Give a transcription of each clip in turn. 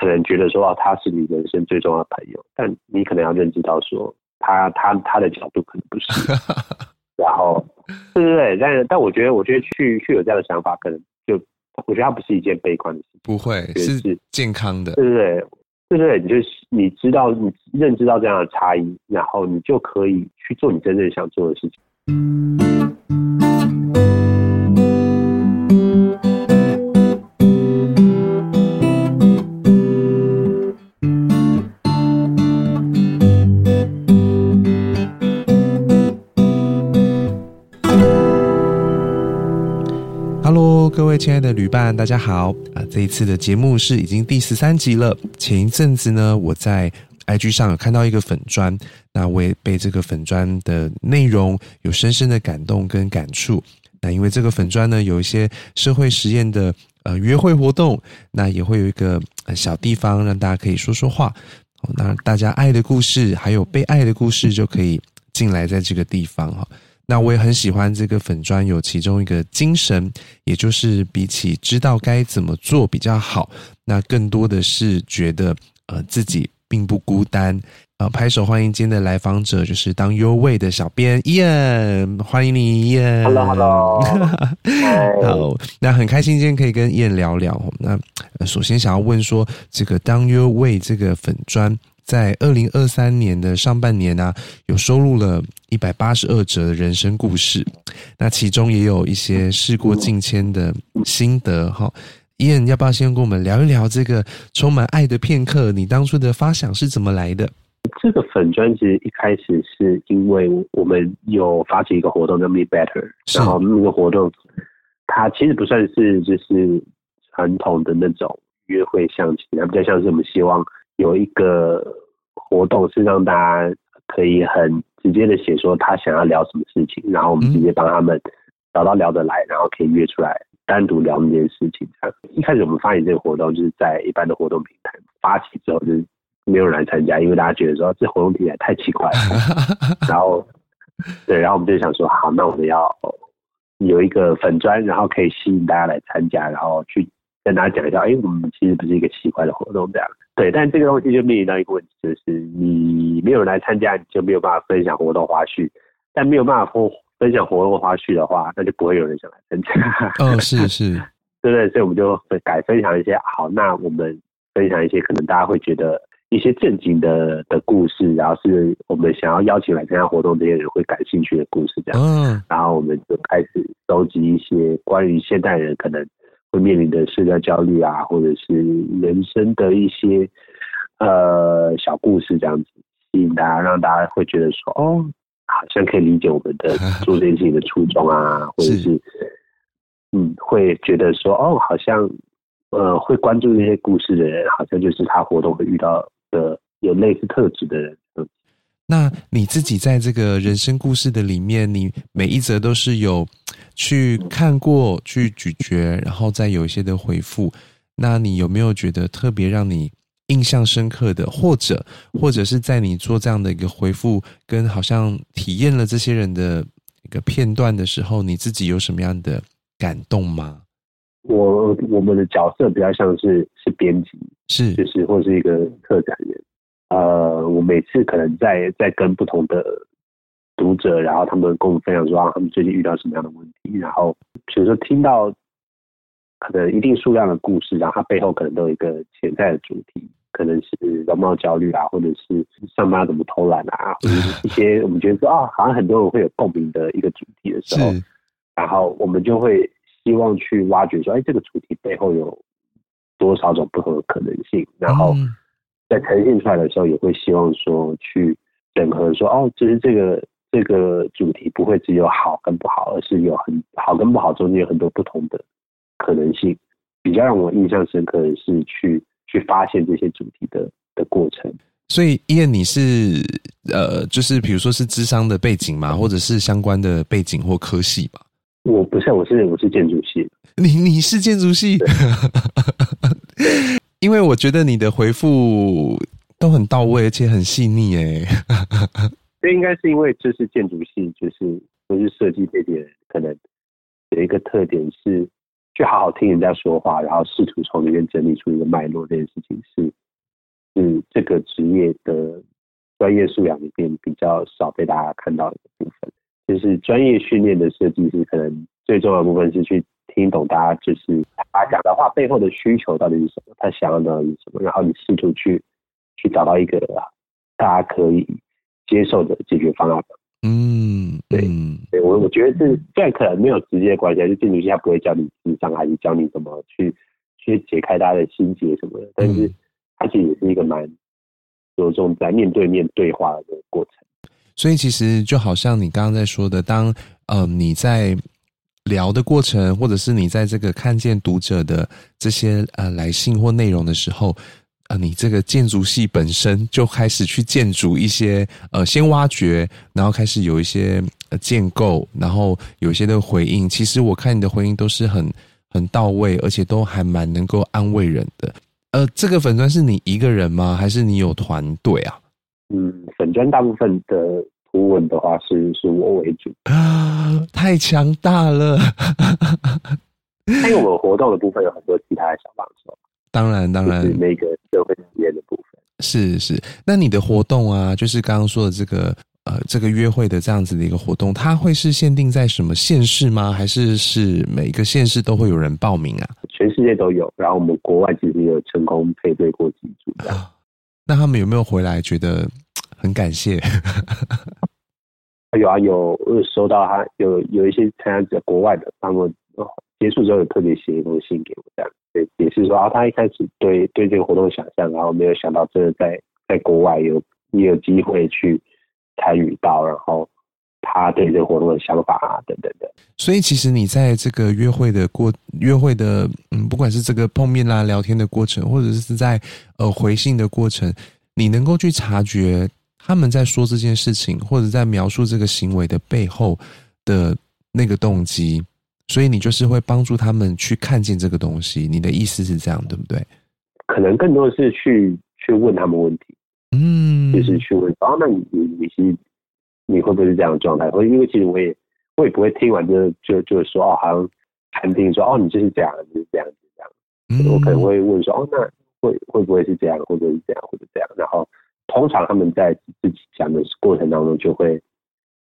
可能覺得說啊，他是你人生最重要的朋友，但你可能要認知到說他他他，他的角度可能不是。 然後，對不對，對，但但我覺得，我覺得去去有這樣的想法，可能就我覺得他不是一件悲觀的事情。不會是，是健康的。對對對，對對，你就是、你知道，你認知到這樣的差異，然後你就可以去做你真正想做的事情。親愛的旅伴，大家好啊、呃！這一次的節目是已經第十三集了。前一陣子呢，我在 IG 上有看到一個粉專，那我也被這個粉專的內容有深深的感動跟感觸。那因為這個粉專呢，有一些社會實驗的呃約會活動，那也會有一個小地方讓大家可以說說話。那、哦、大家愛的故事，還有被愛的故事，就可以進來在這個地方哈。那我也很喜歡這個粉專，有其中一個精神，也就是比起知道該怎麼做比較好，那更多的是覺得呃自己並不孤單。呃，拍手歡迎今天的來訪者，就是 Down Your Way 的小編 Ian，歡迎你 Ian。Hello，Hello。好，那很開心今天可以跟 Ian 聊聊。那、呃、首先想要問說，這個 Down Your Way 這個粉專。在二零二三年的上半年呢、啊，有收錄了一百八十二則的人生故事，那其中也有一些事過境遷的心得哈。Ian，要不要先跟我們聊一聊這個充滿愛的片刻？你當初的發想是怎麼來的？這個粉專其實一開始是因為我們有發起一個活動叫 Meet Better”，是然後那個活動它其實不算是就是傳統的那種約會相親，它比較像是我們希望。有一個活動是讓大家可以很直接的寫說他想要聊什麼事情，然後我們直接幫他們找到聊得來，然後可以約出來單獨聊那件事情。一開始我們發起這個活動，就是在一般的活動平台發起之後，就是沒有人來參加，因為大家覺得說這活動平台太奇怪了。 然後，對，然後我們就想說，好，那我們要有一個粉專，然後可以吸引大家來參加，然後去跟大家講一下，為、欸、我們其實不是一個奇怪的活動這樣。對，但這個東西就面臨到一個問題，就是你沒有人來參加，你就沒有辦法分享活動花絮。但沒有辦法分分享活動花絮的話，那就不會有人想來參加。嗯、哦，是是，對 對，所以我們就會改分享一些。好，那我們分享一些可能大家會覺得一些正經的的故事，然後是我們想要邀請來參加活動這些人會感興趣的故事，這樣。嗯、哦。然後我們就開始收集一些關於現代人可能。會面臨的社交焦慮啊，或者是人生的一些呃小故事這樣子，吸引大家，讓大家會覺得說，哦，好像可以理解我們的做這件事情的初衷啊， 或者是，嗯，會覺得說，哦，好像，呃，會關注這些故事的人，好像就是他活動會遇到的有類似特質的人。那你自己在這個人生故事的裡面，你每一則都是有去看過去咀嚼，然後再有一些的回覆。那你有沒有覺得特別讓你印象深刻的，或者或者是在你做這樣的一個回覆，跟好像體驗了這些人的一個片段的時候，你自己有什麼樣的感動嗎？我我們的角色比較像是是編輯，是就是或是一個策展人。呃，我每次可能在在跟不同的讀者，然後他們跟我們分享說，啊，他們最近遇到什麼樣的問題，然後比如說聽到可能一定數量的故事，然後它背後可能都有一個潛在的主題，可能是容貌焦慮啊，或者是上班要怎麼偷懶啊，一些我們覺得說啊，好像很多人會有共鳴的一個主題的時候，是然後我們就會希望去挖掘說，哎，這個主題背後有多少種不同的可能性，然後。嗯在呈現出來的時候，也會希望說去整合，說哦，就是這個這個主題不會只有好跟不好，而是有很好跟不好中間有很多不同的可能性。比較讓我印象深刻的是去去發現這些主題的的過程。所以，Ian，你是呃，就是比如說是諮商的背景嗎？或者是相關的背景或科系吧？我不是，我是我是建築系。你你是建築系？對 因為我覺得你的回復都很到位，而且很細膩誒、欸。這 應該是因為這是建築系，就是，就是不是設計這點，可能有一個特點是去好好聽人家說話，然後試圖從裡面整理出一個脈絡。這件事情是是，嗯、這個職業的專業素養裡面比較少被大家看到的部分。就是專業訓練的設計師可能最重要的部分，是去。聽懂大家就是他講的話背後的需求到底是什麼，他想要的是什麼，然後你試圖去去找到一個大家可以接受的解決方案。嗯對，對，對我我覺得這這可能沒有直接的關係，嗯、就建築系他不會教你諮商，還是教你怎麼去去解開大家的心結什麼的。但是它其實也是一個蠻有這種在面對面對話的過程。所以其實就好像你剛剛在說的，當嗯、呃、你在。聊的過程，或者是你在這個看見讀者的這些呃、來信或內容的時候，呃，你這個建築系本身就開始去建築一些呃，先挖掘，然後開始有一些、呃、建構，然後有一些的回應。其實我看你的回應都是很很到位，而且都還蠻能夠安慰人的。呃，這個粉專是你一個人嗎？還是你有團隊啊？嗯，粉專大部分的。顧問的話是是我為主，太強大了。還 有活動的部分有很多其他的小幫手，當然當然，每個約會體驗的部分是是。那你的活動啊，就是剛剛說的這個呃，這個約會的這樣子的一個活動，它會是限定在什麼縣市嗎？還是是每個縣市都會有人報名啊？全世界都有，然後我們國外其實也有成功配對過幾組。啊。那他們有沒有回來覺得很感謝？ 有啊有，有收到他有有一些參加者國外的，他們結束之後，有特別寫一封信給我，這樣也是說，啊，他一開始對對這個活動想象然後沒有想到真的在在國外有也有機會去參與到，然後他對這個活動的想法啊等等的。所以其實你在這個約會的過約會的，嗯，不管是這個碰面啦、聊天的過程，或者是是在呃回信的過程，你能夠去察覺。他們在說這件事情，或者在描述這個行為的背後的那個動機，所以你就是會幫助他們去看見這個東西。你的意思是這樣，對不對？可能更多的是去去問他們問題，嗯，就是去問說。哦，那你你你是你會不會是這樣的狀態？因為其實我也我也不會聽完就就就說哦，好像單聽說哦，你就是這樣，你是這樣子這樣。嗯，我可能會問說哦，那會會不會是這樣，或者是這樣，或者這樣，然後。通常他們在自己講的過程當中，就會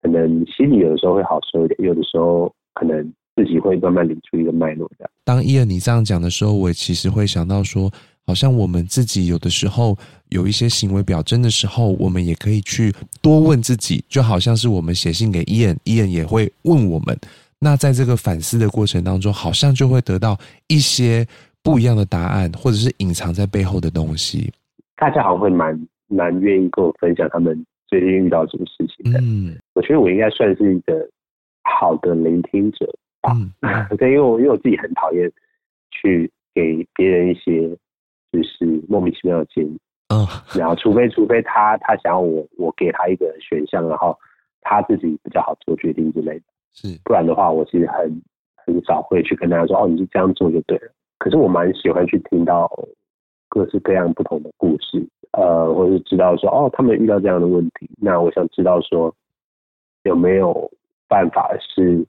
可能心裡有的時候會好受一點，有的時候可能自己會慢慢理出一個脈絡。這樣，當伊恩你這樣講的時候，我其實會想到說，好像我們自己有的時候有一些行為表徵的時候，我們也可以去多問自己，就好像是我們寫信給伊恩，伊恩也會問我們。那在這個反思的過程當中，好像就會得到一些不一樣的答案，或者是隱藏在背後的東西。大家好像會蠻。蠻願意跟我分享他們最近遇到什麼事情的。嗯，我覺得我應該算是一個好的聆聽者吧。嗯、 因為我因為我自己很討厭去給別人一些就是莫名其妙的建議。嗯，然後除非除非他他想要我我給他一個選項，然後他自己比較好做決定之類的。是，不然的話我其實很很少會去跟大家說，哦你是這樣做就對了。可是我蠻喜歡去聽到。各式各樣不同的故事，呃，或者是知道說哦，他們遇到這樣的問題，那我想知道說有沒有辦法是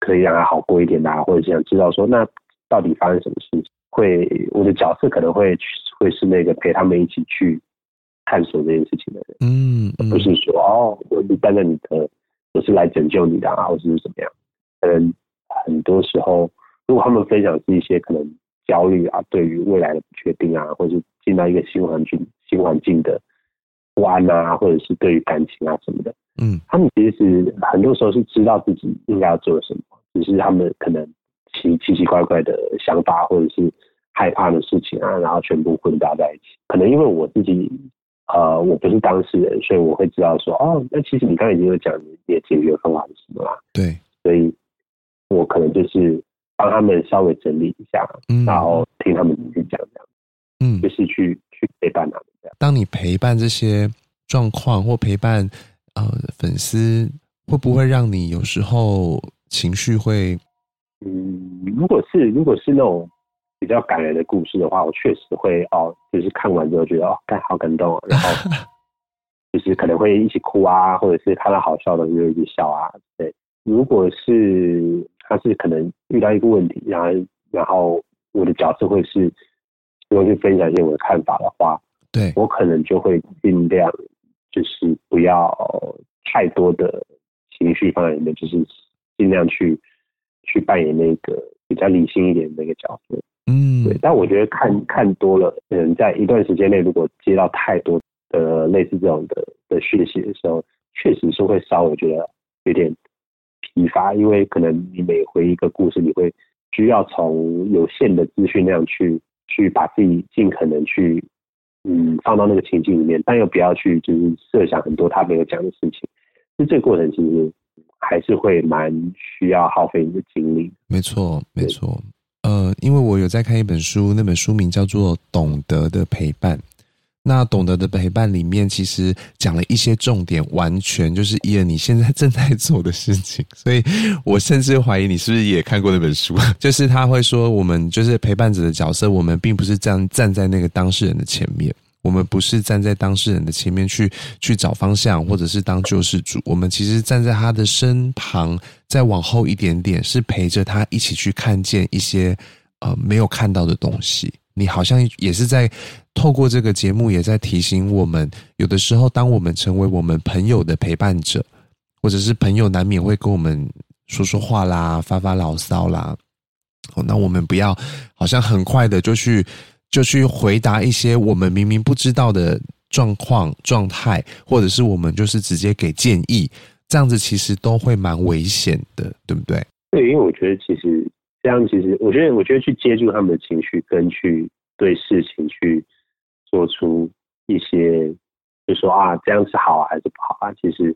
可以讓他好過一點的，或者想知道說那到底發生什麼事情？會我的角色可能會會是那個陪他們一起去探索這件事情的人，嗯，嗯，而不是說哦，我一單的女的，我是來拯救你的啊，或者是怎麼樣？嗯，很多時候如果他們分享是一些可能。焦慮啊，對於未來的不確定啊，或者是進到一個新環境、新環境的不安啊，或者是對於感情啊什麼的，嗯，他們其實很多時候是知道自己應該要做什麼，只是他們可能奇奇奇怪怪的想法，或者是害怕的事情啊，然後全部混搭在一起。可能因為我自己，呃，我不是當事人，所以我會知道說，哦，那其實你剛已經有講，也解決方法還是什麼啦、啊。對，所以我可能就是。幫他們稍微整理一下，然後聽他們去講這樣，嗯，就是去、嗯、去陪伴他們這樣。當你陪伴這些狀況或陪伴呃粉絲，會不會讓你有時候情緒會？嗯，如果是如果是那種比較感人的故事的話，我確實會哦，就是看完之後覺得哦，好感動，然後 就是可能會一起哭啊，或者是看到好笑的人就一直笑啊。對，如果是。但是可能遇到一個問題、啊，然後然後我的角色會是，如果去分享一些我的看法的話，對，我可能就會儘量就是不要太多的情緒放在裡面，就是儘量去去扮演那個比較理性一點的那個角色。嗯，對。但我覺得看看多了，嗯，在一段時間內，如果接到太多的、呃、類似這種的的訊息的時候，確實是會稍微覺得有點。以發，因為可能你每回一個故事，你會需要從有限的資訊量去去把自己盡可能去嗯放到那個情境裡面，但又不要去就是設想很多他沒有講的事情。那這個過程其實還是會蠻需要耗費你的精力。沒錯，對，沒錯。呃，因為我有在看一本書，那本書名叫做《懂得的陪伴》。那《懂得的陪伴》裡面其實講了一些重點，完全就是 Ian 你現在正在做的事情，所以我甚至懷疑你是不是也看過那本書。就是他會說，我們就是陪伴者的角色，我們並不是站站在那個當事人的前面，我們不是站在當事人的前面去去找方向，或者是當救世主。我們其實站在他的身旁，再往後一點點，是陪着他一起去看見一些呃沒有看到的東西。你好像也是在。透過這個節目，也在提醒我們，有的時候，當我們成為我們朋友的陪伴者，或者是朋友難免會跟我們說說話啦、發發牢騷啦，哦，那我們不要好像很快的就去，就去回答一些我們明明不知道的狀況、狀態，或者是我們就是直接給建議，這樣子其實都會蠻危險的，對不對？對，因為我覺得其實這樣，其實我覺得我覺得去接住他們的情緒，跟去對事情去。做出一些，就是說啊，這樣子好、啊、還是不好啊？其實，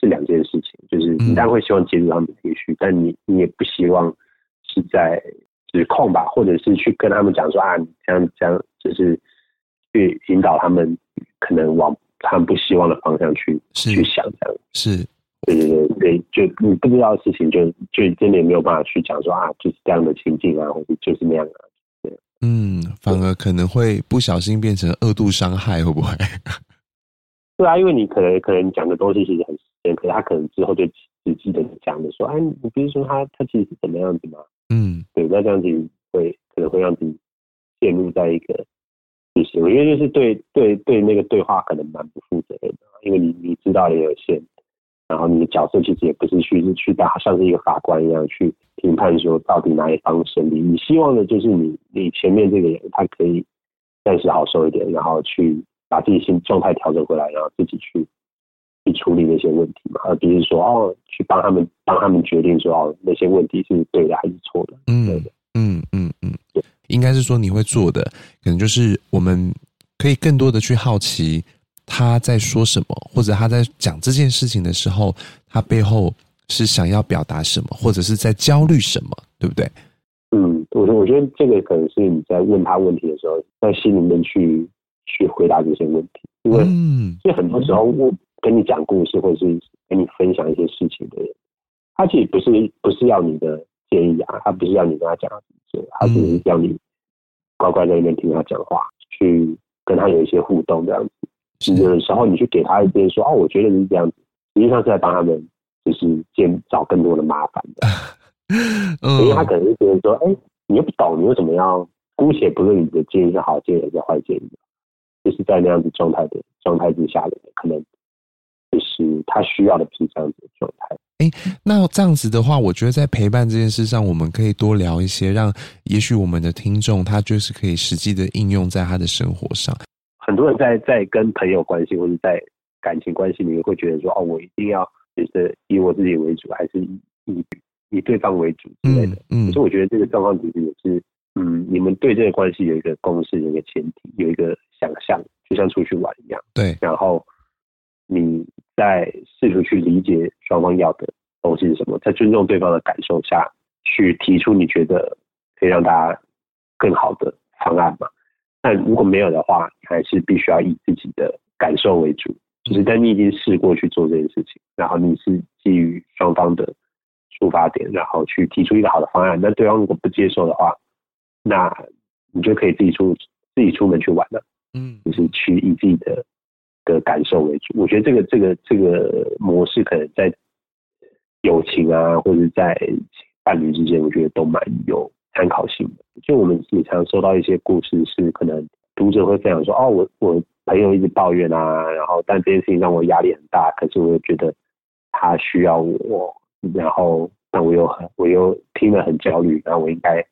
是兩件事情，就是你當然會希望接觸他們的情緒，嗯、但你你也不希望是在指控吧，或者是去跟他們講說啊，你這樣這樣，就是去引導他們可能往他們不希望的方向去是去想這樣，是，對對對、對就你不知道的事情就，就就真的也沒有辦法去講說啊，就是這樣的情境啊，或者就是那樣的、啊。嗯，反而可能會不小心變成二度傷害，會不會？對啊，因為你可能可能講的東西其實很實，可是他可能之後就只記得講的說，哎、啊，你不是說他他其實是怎麼樣子嗎，嗯，對，那這樣子會可能會讓你陷入在一個就是，我覺得就是對對對那個對話可能蠻不負責任的的，因為你你知道也有限。然後你的角色其實也不是去是去打，像是一個法官一樣去評判說到底哪一方勝利，你希望的就是你你前面這個人他可以暫時好受一點，然後去把自己心狀態調整回來，然後自己去去處理那些問題嘛，而不是說哦去幫他們幫他們決定說哦那些問題是對的還是錯的，嗯嗯嗯嗯，嗯嗯嗯對應該是說你會做的，可能就是我們可以更多的去好奇。他在說什麼，或者他在講這件事情的時候，他背後是想要表達什麼，或者是在焦慮什麼，對不對？嗯，我覺得，我覺得這個可能是你在問他問題的時候，在心裡面去去回答這些問題，因為所以，嗯，很多時候，我跟你講故事，或者是跟你分享一些事情的人，他其實不是不是要你的建議啊，他不是要你跟他講什麼，他只是要你乖乖在那邊聽他講話，嗯，去跟他有一些互動這樣子。是的，然後你去給他一邊說哦，我覺得是這樣子，實際上是在幫他們就是建找更多的麻煩的。以、 嗯、因為他可能是覺得說，哎、欸，你又不懂，你又怎麼樣？姑且不論你的建議是好建議還是壞建議，就是在那樣子狀態的狀態之下可能就是他需要的，平常的，是這樣子的狀態。哎，那這樣子的話，我覺得在陪伴這件事上，我們可以多聊一些，讓也許我們的聽眾他就是可以實際的應用在他的生活上。很多人在在跟朋友關係或者在感情關係裡面，會覺得說：“哦，我一定要就是以我自己為主，還是以以以對方為主之類的。嗯”嗯，可是我覺得這個狀況其實也是，嗯，你們對這個關係有一個共識，有一個前提，有一個想象，就像出去玩一樣。對，然後你在試圖去理解雙方要的東西是什麼，在尊重對方的感受下，去提出你覺得可以讓大家更好的方案嘛。但如果沒有的話，你還是必須要以自己的感受為主。就是，但你已經試過去做這件事情，然後你是基於雙方的出發點，然後去提出一個好的方案。那對方如果不接受的話，那你就可以自己出自己出門去玩了。嗯，就是去以自己的、嗯、的感受為主。我覺得這個這個這個模式，可能在友情啊，或者在伴侶之間，我覺得都蠻有參考性的，就我們也常收到一些故事，是可能讀者會這樣說，哦，我我朋友一直抱怨啊，然後但這件事情讓我壓力很大，可是我又覺得他需要我，然後那我又很我又聽了很焦慮，那我應該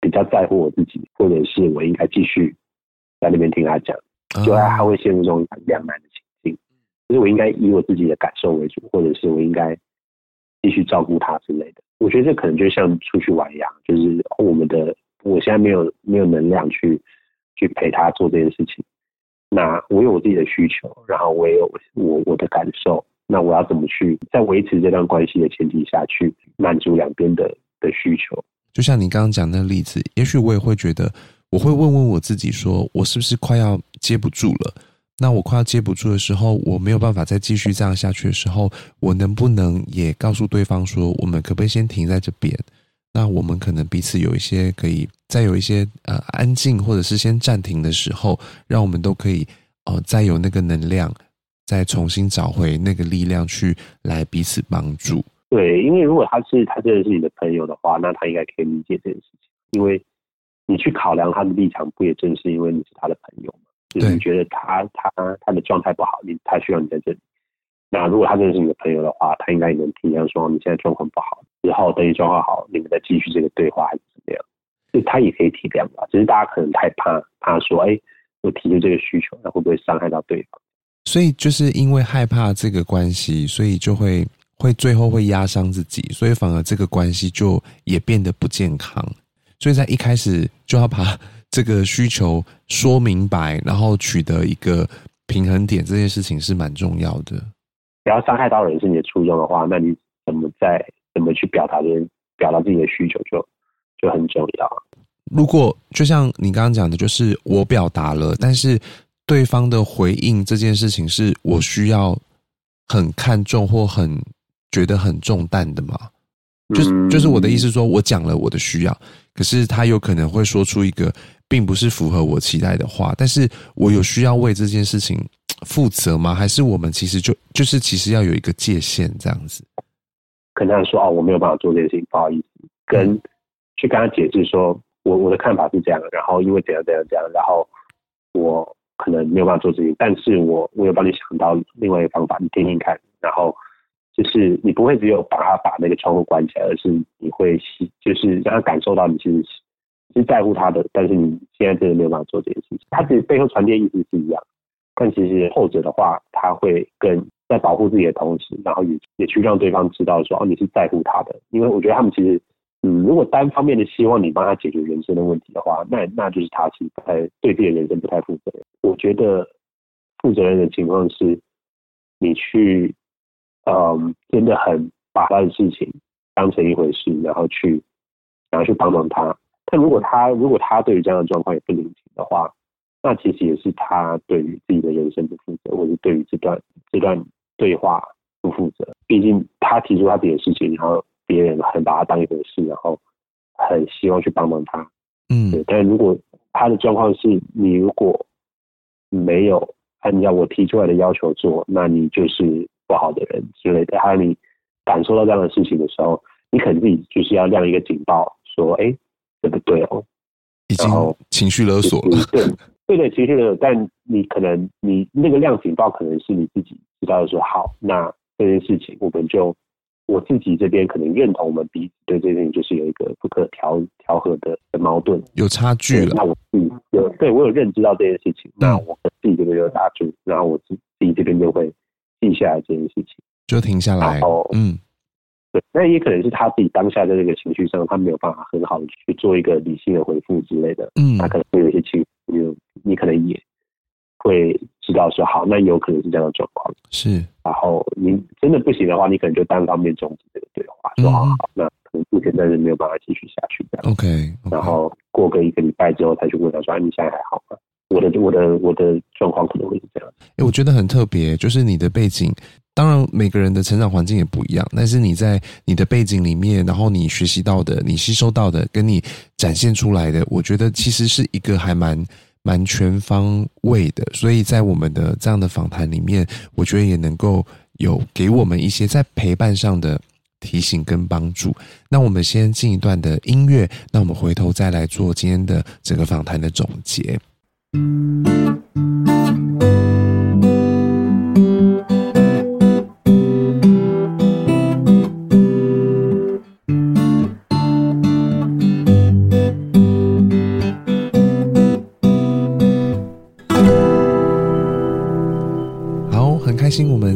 比較在乎我自己，或者是我應該繼續在那邊聽他講，就他會陷入這種兩難的情境，就是我應該以我自己的感受為主，或者是我應該繼續照顧他之類的。我覺得這可能就像出去玩一樣，就是我們的，我現在沒有沒有能量去去陪他做這件事情。那我有我自己的需求，然後我也有我我的感受。那我要怎麼去在維持這段關係的前提下去滿足兩邊的的需求？就像你剛剛講的例子，也許我也會覺得，我會問問我自己，說我是不是快要接不住了？那我快要接不住的時候，我沒有辦法再繼續這樣下去的時候，我能不能也告訴對方說，我們可不可以先停在這邊？那我們可能彼此有一些可以再有一些呃安靜，或者是先暫停的時候，讓我們都可以哦、呃、再有那個能量，再重新找回那個力量去來彼此幫助。對，因為如果他是他真的是你的朋友的話，那他應該可以理解這件事情。因為你去考量他的立場，不也正是因為你是他的朋友嗎？對就是你覺得他他他的狀態不好，你他需要你在這裡。那如果他真的是你的朋友的話，他應該也能體諒說、啊、你現在狀況不好，之後等你狀況好，你們再繼續這個對話還是怎麼樣？就是、他也可以體諒吧，只，就是大家可能太怕怕說，哎，我提出這個需求，那會不會傷害到對方？所以就是因為害怕這個關係，所以就會會最後會壓傷自己，所以反而這個關係就也變得不健康。所以在一開始就要把。這個需求說明白，然後取得一個平衡點，這件事情是蠻重要的。不要傷害到人是你的初衷的話，那你怎麼再怎麼去表達別人，表達自己的需求，就就很重要。如果就像你剛剛講的，就是我表達了，嗯、但是對方的回應這件事情是我需要很看重或很覺得很重擔的嘛，就是就是我的意思，說我講了我的需要，可是他有可能會說出一個。並不是符合我期待的話，但是我有需要為這件事情負責嗎？還是我們其實就就是其實要有一個界限，這樣子？跟他說哦，我沒有辦法做這件事情，不好意思，跟去跟他解釋說我我的看法是這樣的，然後因為怎樣怎樣怎樣，然後我可能沒有辦法做這些，但是我我有幫你想到另外一個方法，你聽聽看。然後就是你不會只有把他把那個窗戶關起來，而是你會吸，就是讓他感受到你其實是，你是在乎他的，但是你現在真的沒有辦法做這件事情。他其實背後傳遞的意思是一樣，但其實後者的話，他會更，在保護自己的同時，然後也也去讓對方知道說，哦，你是在乎他的。因為我覺得他們其實，嗯，如果單方面的希望你幫他解決人生的問題的話，那那就是他其實不太對自己的人生不太負責任。我覺得負責任的情況是，你去，嗯、呃，真的很把這件事情當成一回事，然後去，然後去幫忙他。那如果他如果他對於這樣的狀況也不領情的話，那其實也是他對於自己的人生不負責，或者是對於這段這段對話不負責。畢竟他提出他自己的事情，然後別人很把他當一回事，然後很希望去幫幫他，嗯對。但如果他的狀況是，你如果沒有按照我提出來的要求做，那你就是不好的人之類的。還有你感受到這樣的事情的時候，你肯定就是要亮一個警報，說，哎、欸。對不對哦？已經情緒勒索了，對對，對，情緒勒索。但你可能你那個量情報，可能是你自己知道的。說，好，那這件事情我們就，我自己這邊可能認同，我們彼此對這件就是有一個不可調調和的的矛盾，有差距了。那我有對我有認知到這件事情，那我自己這邊就有打住，然後我自己這邊就會記下來這件事情，就停下來，後嗯。對，那也可能是他自己當下在這個情緒上，他沒有辦法很好的去做一個理性的回復之類的。嗯，他可能會有一些情緒，你你可能也會知道說，好，那有可能是這樣的狀況。是，然後你真的不行的話，你可能就單方面終止這個對話、嗯、說好，那可能目前暫時沒有辦法繼續下去這樣 OK, okay. 然後過個一個禮拜之後，他去問他說、啊：“你現在還好嗎？我的我的我的狀況可能會是這樣。”哎、欸，我覺得很特別，就是你的背景。當然，每個人的成長環境也不一樣。但是你在你的背景裡面，然後你學習到的、你吸收到的，跟你展現出來的，我覺得其實是一個還蠻蠻全方位的。所以在我們的這樣的訪談裡面，我覺得也能夠有給我們一些在陪伴上的提醒跟幫助。那我們先進一段的音樂，那我們回頭再來做今天的整個訪談的總結。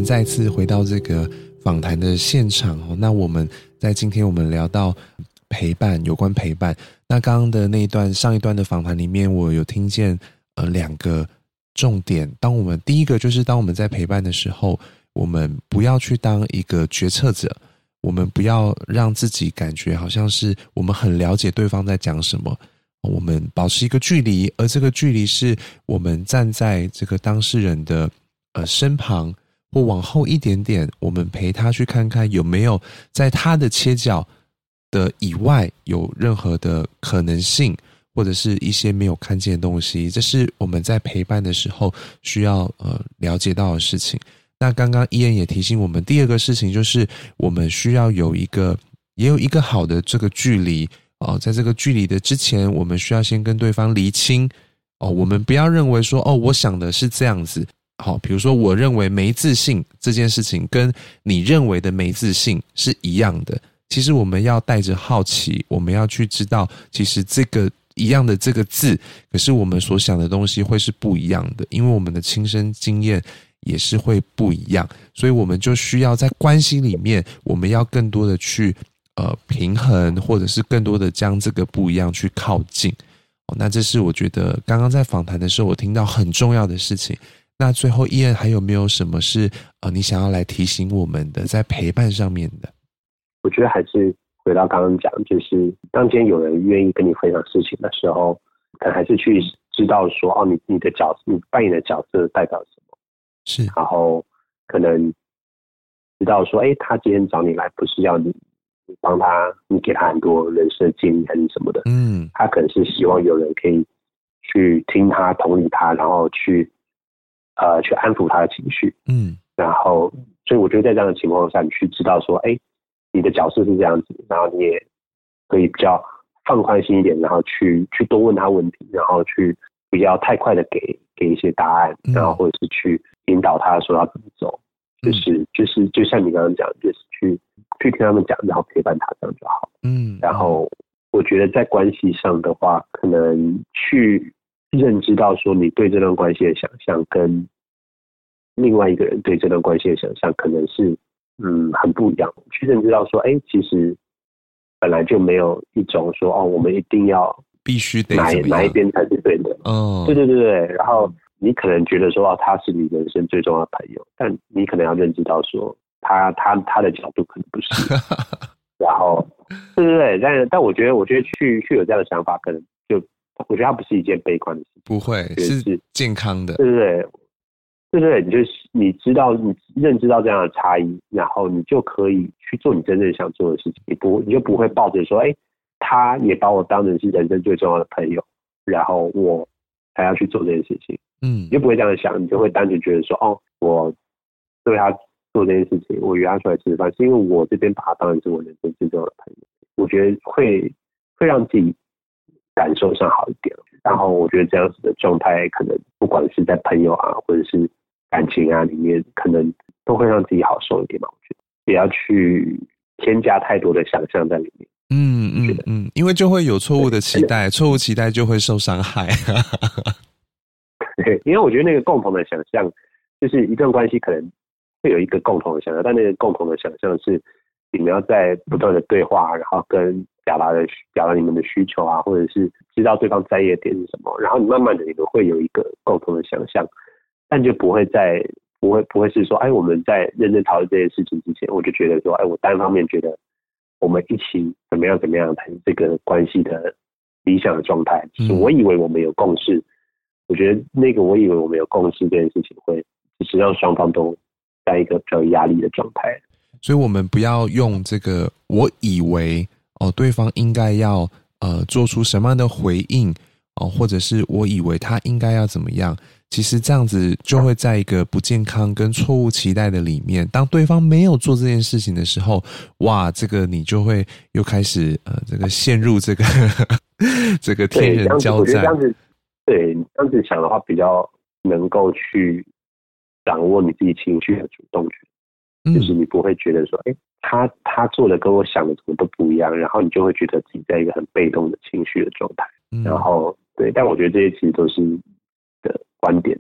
再次回到這個訪談的現場哦，那我們在今天我們聊到陪伴，有關陪伴。那剛剛的那一段，上一段的訪談裡面，我有聽見，呃，兩個重點。當我們，第一個就是當我們在陪伴的時候，我們不要去當一個決策者，我們不要讓自己感覺好像是我們很了解對方在講什麼，我們保持一個距離，而這個距離是我們站在這個當事人的，呃，身旁。或往後一點點，我們陪他去看看有沒有在他的切角的以外有任何的可能性，或者是一些沒有看見的東西。這是我們在陪伴的時候需要呃了解到的事情。那剛剛 Ian 也提醒我們，第二個事情就是我們需要有一個也有一個好的這個距離啊、哦，在這個距離的之前，我們需要先跟對方釐清哦，我們不要認為說哦，我想的是這樣子。好，比如說，我認為沒自信這件事情，跟你認為的沒自信是一樣的。其實，我們要帶着好奇，我們要去知道，其實這個一樣的這個字，可是我們所想的東西會是不一樣的，因為我們的親身經驗也是會不一樣。所以，我們就需要在關係裡面，我們要更多的去，呃，平衡，或者是更多的將這個不一樣去靠近。哦，那這是我覺得剛剛在訪談的時候，我聽到很重要的事情。那最後，依然還有沒有什麼是呃，你想要來提醒我們的在陪伴上面的？我覺得還是回到剛剛講，就是當今天有人願意跟你分享事情的時候，可能還是去知道說，哦，你你的角色，你扮演的角色代表什麼？是，然後可能知道說，誒、欸，他今天找你來不是要你幫他，你給他很多人生建議，還是什麼的。嗯，他可能是希望有人可以去聽他，同意他，然後去。呃，去安撫他的情緒，嗯，然後，所以我覺得在這樣的情況下，你去知道說，哎，你的角色是這樣子，然後你也可以比較放寬心一點，然後去去多問他問題，然後去不要太快的給給一些答案，然後或者是去引導他說要怎麼走，嗯、就是就是就像你剛剛講，就是去去聽他們講，然後陪伴他這樣就好，嗯，然後我覺得在關係上的話，可能去。認知到說，你對這段關係的想象跟另外一個人對這段關係的想象，可能是嗯很不一樣。去認知到說，哎、欸，其實本來就沒有一種說哦，我們一定要必須得哪哪一邊才是對的。嗯，對對對對。然後你可能覺得說，哦，他是你人生最重要的朋友，但你可能要認知到說他，他他他的角度可能不是。 然後，對對對，但但我覺得，我覺得去去有這樣的想法，可能就。我覺得它不是一件悲觀的事情，不會是，是健康的。對不對？對不對？你就是你知道，你認知到這樣的差異，然後你就可以去做你真正想做的事情。你不你就不會抱着說，哎、欸，他也把我當成是人生最重要的朋友，然後我還要去做這件事情。嗯，你就不會這樣想，你就會單純覺得說，哦，我對他做這件事情，我約他出來吃飯，是因為我這邊把他當成是我人生最重要的朋友。我覺得會會讓自己。感受上好一點，然後我覺得這樣子的狀態，可能不管是在朋友啊，或者是感情啊裡面，可能都會讓自己好受一點嘛。我覺得不要去添加太多的想象在裡面。嗯的嗯嗯，因為就會有錯誤的期待，錯誤對是期待就會受傷害。 對，因為我覺得那個共同的想象，就是一段關係可能會有一個共同的想象，但那個共同的想象是你們要在不斷的對話，然後跟。表達的表達你們的需求啊，或者是知道對方在意的點是什麼，然後你慢慢的你們會有一個共同的想象，但就不會在不會不會是說，哎，我們在認真討論這件事情之前，我就覺得說，哎，我單方面覺得，我們一起怎麼樣怎麼樣談這個關係的理想的狀態，嗯、就是我以為我們有共識，我覺得那個我以為我們有共識這件事情，會只是讓雙方都在一個比較壓力的狀態，所以我們不要用這個我以為。哦，對方應該要呃做出什麼樣的回應哦，或者是我以為他應該要怎麼樣？其實這樣子就會在一個不健康跟錯誤期待的裡面。當對方沒有做這件事情的時候，哇，這個你就會又開始呃，這個陷入這個呵呵這個天人交戰。對這樣子，這樣子，對你這樣子想的話，比較能夠去掌握你自己情緒的主動權，就是你不會覺得說，哎、嗯。他他做的跟我想的怎麼都不一樣，然後你就會覺得自己在一個很被動的情緒的狀態。嗯、然後對，但我覺得這些其實都是的觀點、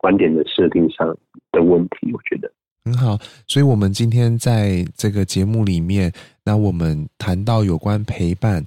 觀點的設定上的問題。我覺得很好。所以我們今天在這個節目裡面，那我們談到有關陪伴、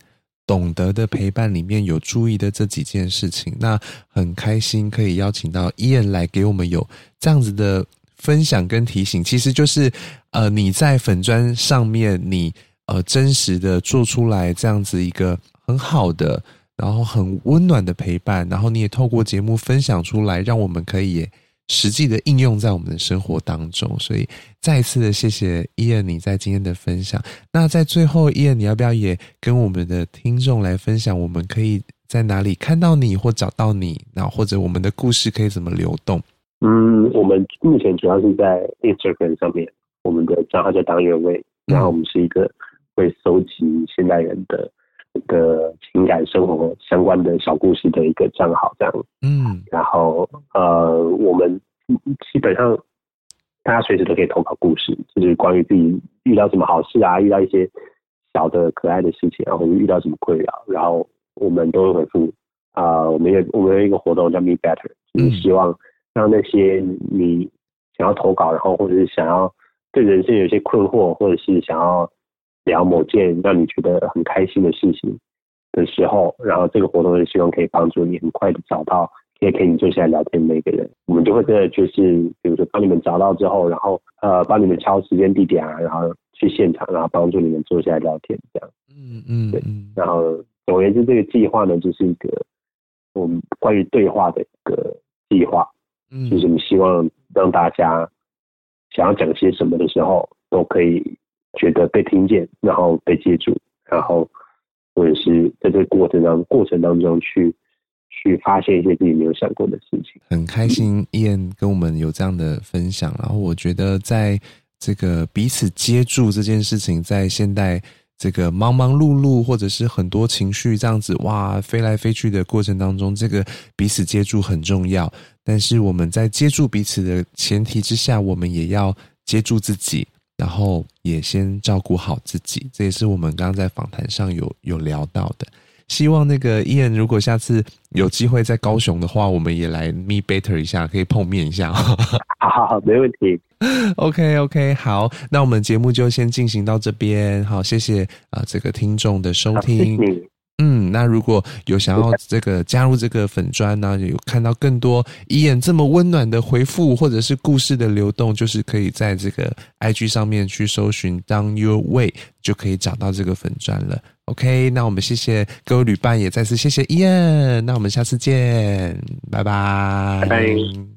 懂得的陪伴裡面有注意的這幾件事情，那很開心可以邀請到 Ian 來給我們有這樣子的。分享跟提醒，其實就是，呃，你在粉專上面，你呃真實的做出來這樣子一個很好的，然後很溫暖的陪伴，然後你也透過節目分享出來，讓我們可以也實際的應用在我們的生活當中。所以，再一次的謝謝 Ian 你在今天的分享。那在最後，Ian 你要不要也跟我們的聽眾來分享，我們可以在哪裡看到你或找到你，然後或者我們的故事可以怎麼流動？嗯，我們目前主要是在 Instagram 上面，我們的賬號叫 Down Your Way，然後我們是一個會收集現代人的一個情感生活相關的小故事的一個賬號，這樣。嗯，然後呃，我們基本上大家隨時都可以投稿故事，就是關於自己遇到什麼好事啊，遇到一些小的可愛的事情，然後遇到什麼困擾，然後我們都會回復。啊、呃，我們也我們有一個活動叫 Me Better，就是希望。讓那些你想要投稿，然後或者是想要對人生有些困惑，或者是想要聊某件讓你覺得很開心的事情的時候，然後這個活動希望可以幫助你很快的找到，也可以你坐下來聊天的一個人，我們就會在就是，比如說幫你們找到之後，然後呃幫你們敲時間地點啊，然後去現場，然後幫助你們坐下來聊天這樣。嗯嗯，嗯對。然後總而言之，這個計劃呢就是一個我們關於對話的一個計劃。嗯，就是你希望讓大家想要講些什麼的時候，都可以覺得被聽見，然後被接住，然後或者是在這個過程當過程當中去去發現一些自己沒有想過的事情。很開心，Ian 跟我們有這樣的分享。嗯、然後我覺得，在這個彼此接住這件事情，在現代。這個忙忙碌碌，或者是很多情緒，這樣子哇，飛來飛去的過程當中，這個彼此接住很重要。但是我們在接住彼此的前提之下，我們也要接住自己，然後也先照顧好自己。這也是我們剛剛在訪談上有有聊到的。希望那個 Ian，如果下次有機會在高雄的話，我們也來 me better 一下，可以碰面一下。 好，好，沒問題。OK，OK，okay, okay, 好，那我們節目就先進行到這邊。好，謝謝啊，這個聽眾的收聽。謝謝嗯，那如果有想要這個加入這個粉專呢、啊，有看到更多 Ian 這麼溫暖的回復或者是故事的流動，就是可以在這個 IG 上面去搜尋 Down Your Way，就可以找到這個粉專了。OK，那我們謝謝各位旅伴，也再次謝謝伊恩。那我們下次見，拜拜，拜拜。